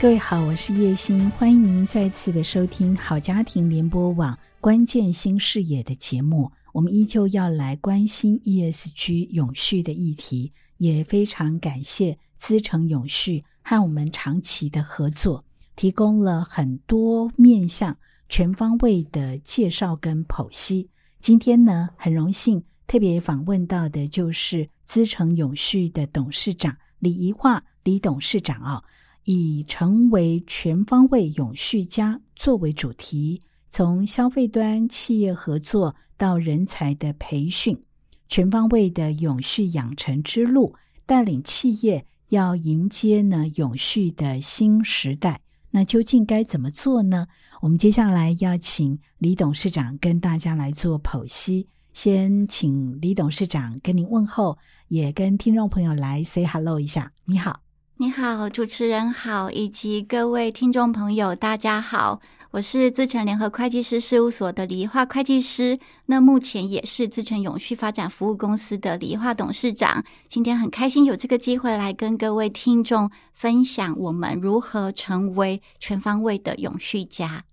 各位好，我是葉欣，歡迎您再次的收聽好家庭聯播網關鍵新視野的節目。我們依舊要來關心 ESG 永續的議題，也非常感謝資誠永續和我們長期的合作，提供了很多面向全方位的介紹跟剖析。今天呢，很榮幸特別訪問到的就是資誠永續的董事長李宜樺李董事長啊、哦。以成為全方位永續家作為主題，從消費端、企業合作到人才的培訓，全方位的永續養成之路，帶領企業要迎接呢永續的新時代。那究竟該怎麼做呢？我們接下來要請李董事長跟大家來做剖析。先請李董事長跟您問候，也跟聽眾朋友來 say hello 一下。你好。你好，主持人好，以及各位聽眾朋友，大家好，我是資誠聯合會計師事務所的李宜樺會計師，那目前也是資誠永續發展服務公司的李宜樺董事長。今天很開心有這個機會來跟各位聽眾分享我們如何成為全方位的永續家。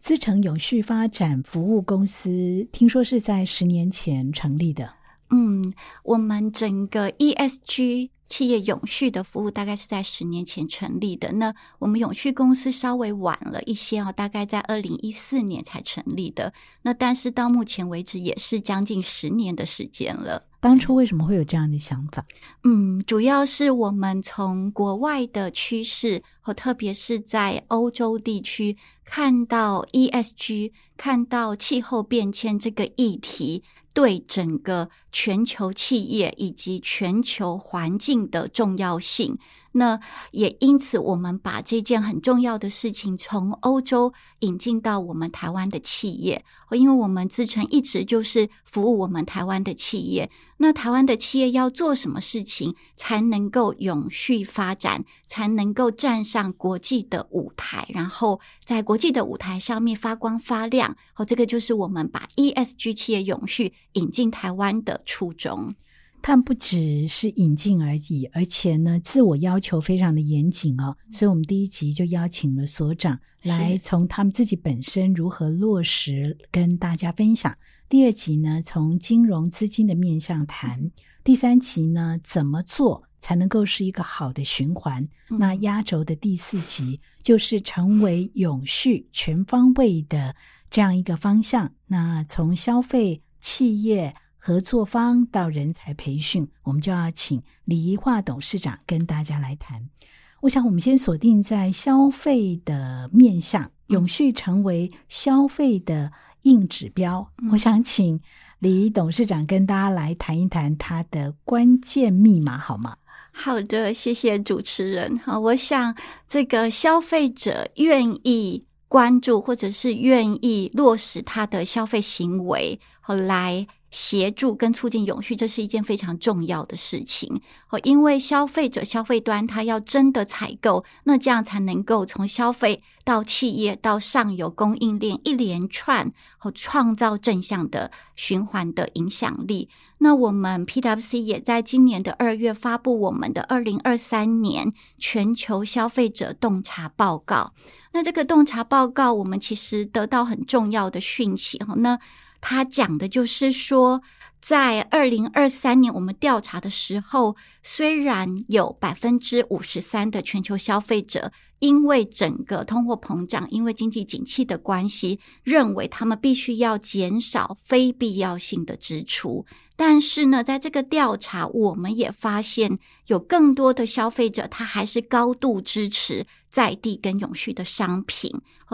資誠永續發展服務公司聽說是在十年前成立的，嗯，我們整個 ESG。企業永續的服務大概是在十年前成立的。那我們永續公司稍微晚了一些哦，大概在二零一四年才成立的。那但是到目前為止也是將近十年的時間了。當初為什麼會有這樣的想法？嗯，主要是我們從國外的趨勢，和特別是在歐洲地區看到 ESG，看到氣候變遷這個議題對整個。全球企業以及全球環境的重要性，那也因此我們把這件很重要的事情從歐洲引進到我們台灣的企業，因為我們資誠一直就是服務我們台灣的企業。那台灣的企業要做什麼事情才能夠永續發展，才能夠站上國際的舞台，然後在國際的舞台上面發光發亮？哦，這個就是我們把 ESG 企業永續引進台灣的初衷，他們不只是引進而已，而且呢，自我要求非常的嚴謹哦。嗯、所以，我們第一集就邀請了所長來從他們自己本身如何落實跟大家分享。是第二集呢，從金融資金的面向談。嗯、第三集呢，怎麼做才能夠是一個好的循環？嗯、那壓軸的第四集就是成為永續全方位的這樣一個方向。那從消費企業。合作方到人才培訓，我們就要請李宜樺董事長跟大家來談。我想，我們先鎖定在消費的面向，永續成為消費的硬指標。嗯、我想請李董事長跟大家來談一談他的關鍵密碼，好嗎？好的，謝謝主持人。好，我想這個消費者願意關注，或者是願意落實他的消費行為，好來。協助跟促進永續，這是一件非常重要的事情。因為消費者消費端，他要真的採購，那這樣才能夠從消費到企業到上游供應鏈一連串和創造正向的循環的影響力。那我們 PwC 也在今年的二月發布我們的二零二三年全球消費者洞察報告。那這個洞察報告，我們其實得到很重要的訊息。那。他講的就是說，在二零二三年我們調查的時候，雖然有百分之五十三的全球消費者因為整個通貨膨脹、因為經濟景氣的關係，認為他們必須要減少非必要性的支出，但是呢，在這個調查，我們也發現有更多的消費者他還是高度支持。在地跟永續的商品，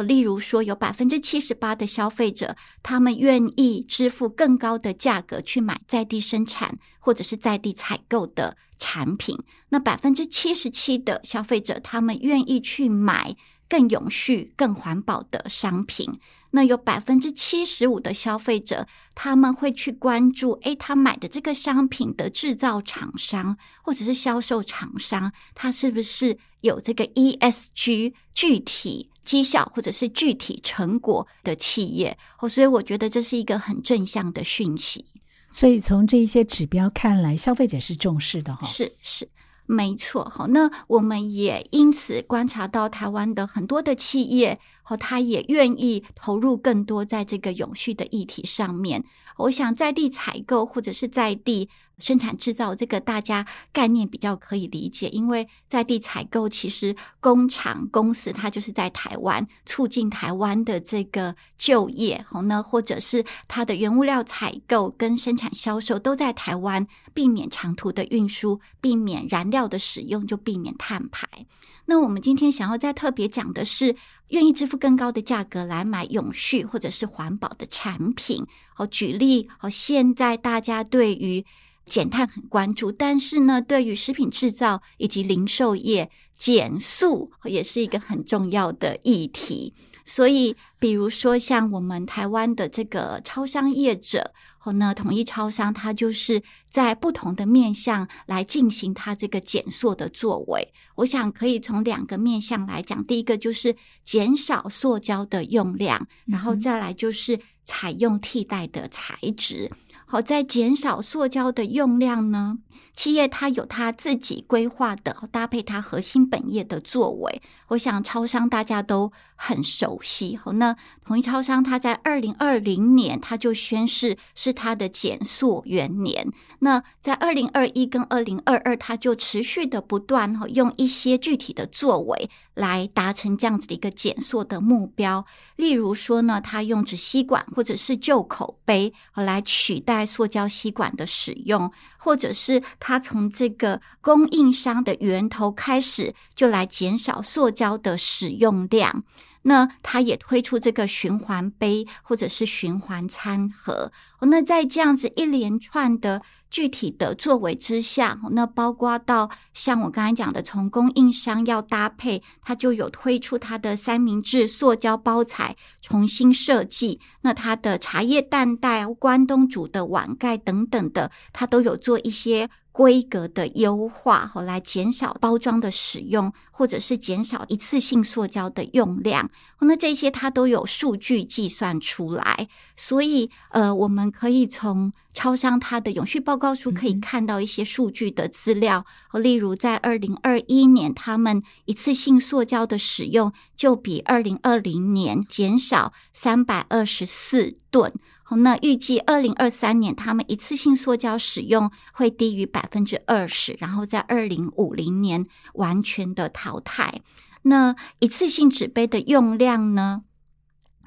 例如說有百分之七十八的消費者，他們願意支付更高的價格去買在地生產或者是在地採購的產品。那百分之七十七的消費者，他們願意去買。更永續、更環保的商品，那有百分之七十五的消費者他們會去關注，誒、哎、他買的這個商品的製造廠商或者是銷售廠商，他是不是有這個 ESG 具體績效或者是具體成果的企業？所以我覺得這是一個很正向的訊息。所以從這一些指標看來，消費者是重視的哈、哦，是，是。沒錯，好，那我們也因此觀察到台灣的很多的企業。哦，他也願意投入更多在這個永續的議題上面。我想在地採購或者是在地生產製造，這個大家概念比較可以理解。因為在地採購，其實工廠公司它就是在台灣，促進台灣的這個就業。然後呢，或者是它的原物料採購跟生產銷售都在台灣，避免長途的運輸，避免燃料的使用，就避免碳排。那我們今天想要再特別講的是。願意支付更高的價格來買永續或者是環保的產品。好，舉例，好，現在大家對於減碳很關注，但是呢，對於食品制造以及零售業減塑也是一個很重要的議題。所以，比如說像我們台灣的這個超商業者，好、哦、呢，統一超商，它就是在不同的面向來進行它這個減塑的作為。我想可以從兩個面向來講，第一個就是減少塑膠的用量，嗯、哼然後再來就是採用替代的材質。好、哦，在減少塑膠的用量呢。企業它有它自己規劃的，搭配它核心本業的作為。我想超商大家都很熟悉。好，那統一超商它在二零二零年，它就宣示是它的減塑元年。那在二零二一跟二零二二，它就持續的不斷哈，用一些具體的作為來達成這樣子的一個減塑的目標。例如說呢，它用紙吸管或者是舊口杯來取代塑膠吸管的使用，或者是。他從這個供應商的源頭開始，就來減少塑膠的使用量。那他也推出這個循環杯或者是循環餐盒。那在這樣子一連串的具體的作為之下，那包括到像我剛才講的，從供應商要搭配，它就有推出它的三明治塑膠包材重新設計。那它的茶葉蛋袋、關東煮的碗蓋等等的，它都有做一些規格的優化，和來減少包裝的使用，或者是減少一次性塑膠的用量。那這些它都有數據計算出來，所以呃，我們。可以從超商它的永續報告書可以看到一些數據的資料，嗯、例如在二零二一年，他們一次性塑膠的使用就比二零二零年減少三百二十四噸。好，那預計二零二三年他們一次性塑膠使用會低於百分之二十，然後在二零五零年完全的淘汰。那一次性紙杯的用量呢？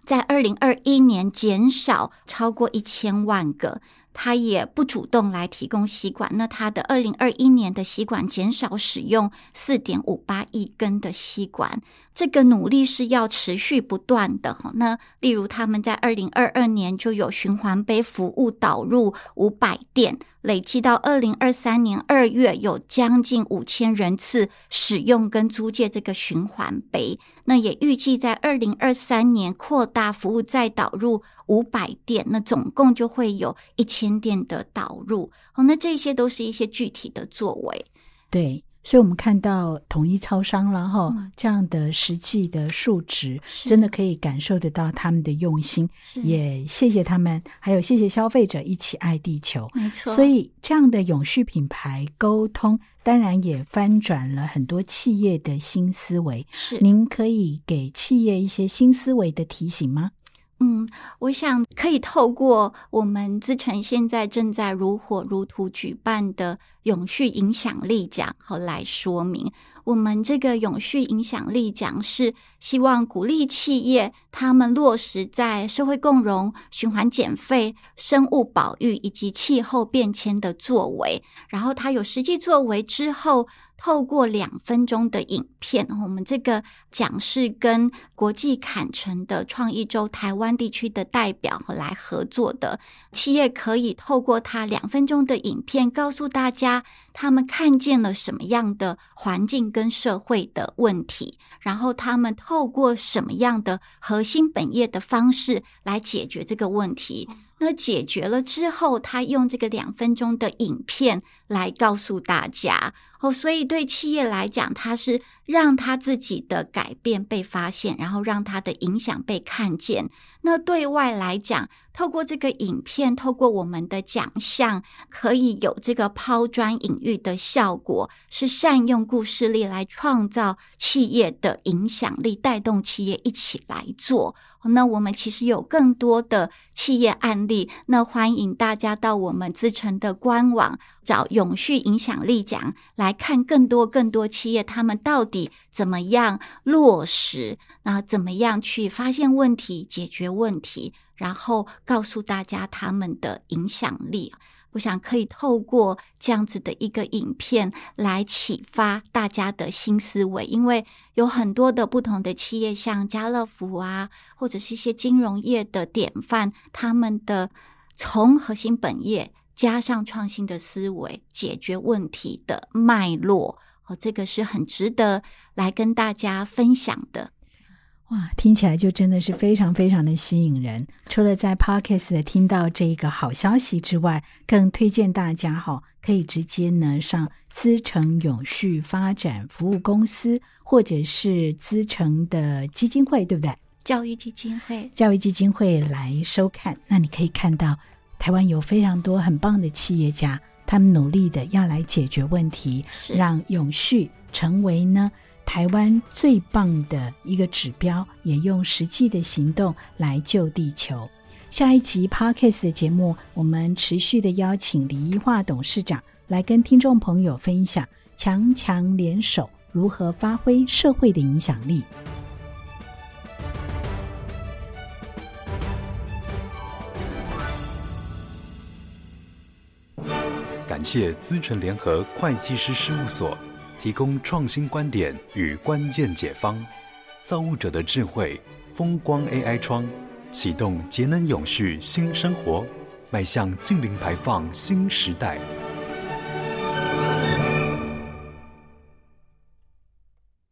在二零二一年減少超過一千萬個，他也不主動來提供吸管，那他的二零二一年的吸管減少使用四點五八億根的吸管。這個努力是要持續不斷的哈，那例如他們在二零二二年就有循環杯服務導入五百店。累計到二零二三年二月，有將近五千人次使用跟租借這個循環杯。那也預計在二零二三年擴大服務，再導入五百店，那總共就會有一千店的導入。好、哦，那這些都是一些具體的作為。對。所以我們看到統一超商了哈，嗯，這樣的實際的數值，是真的可以感受得到他們的用心，是也謝謝他們，還有謝謝消費者一起愛地球。沒錯，所以這樣的永續品牌溝通，當然也翻轉了很多企業的新思維。是，您可以給企業一些新思維的提醒嗎？嗯，我想可以透過我們資誠現在正在如火如荼舉辦的“永續影響力獎”好來說明。我們這個永續影響力獎是希望鼓勵企業他們落實在社會共融、循環減廢、生物保育以及氣候變遷的作為。然後，他有實際作為之後，透過兩分鐘的影片，我們這個獎是跟國際坎城的創意週台灣地區的代表來合作的。企業可以透過他兩分鐘的影片，告訴大家他們看見了什麼樣的環境。跟社會的問題，然後他們透過什麼樣的核心本業的方式來解決這個問題？那解決了之後，他用這個兩分鐘的影片來告訴大家。哦，所以對企業來講，他是讓他自己的改變被發現，然後讓他的影響被看見。那對外來講，透過這個影片，透過我們的獎項，可以有這個拋磚引玉的效果，是善用故事力來創造企業的影響力，帶動企業一起來做。那我們其實有更多的企業案例，那歡迎大家到我們資誠的官網找“永續影響力獎”來看更多更多企業他們到底怎麼樣落實，然後怎麼樣去發現問題、解決問題。然後告訴大家他們的影響力，我想可以透過這樣子的一個影片來啟發大家的新思維，因為有很多的不同的企業，像家樂福啊，或者是一些金融業的典範，他們的從核心本業加上創新的思維解決問題的脈絡，哦，這個是很值得來跟大家分享的。哇，聽起來就真的是非常非常的吸引人。除了在 Podcast 聽到這一個好消息之外，更推薦大家哈，可以直接呢上資誠永續發展服務公司，或者是資誠的基金會，對不對？教育基金會，教育基金會來收看。那你可以看到，台灣有非常多很棒的企業家，他們努力的要來解決問題，是讓永續成為呢。台灣最棒的一個指標，也用實際的行動來救地球。下一集 Podcast 的節目，我們持續的邀請李宜樺董事長來跟聽眾朋友分享，強強聯手如何發揮社會的影響力。感謝資誠聯合會計師事務所。提供創新觀點與關鍵解方，造物者的智慧，風光 AI 窗，啟動節能永續新生活，邁向淨零排放新時代。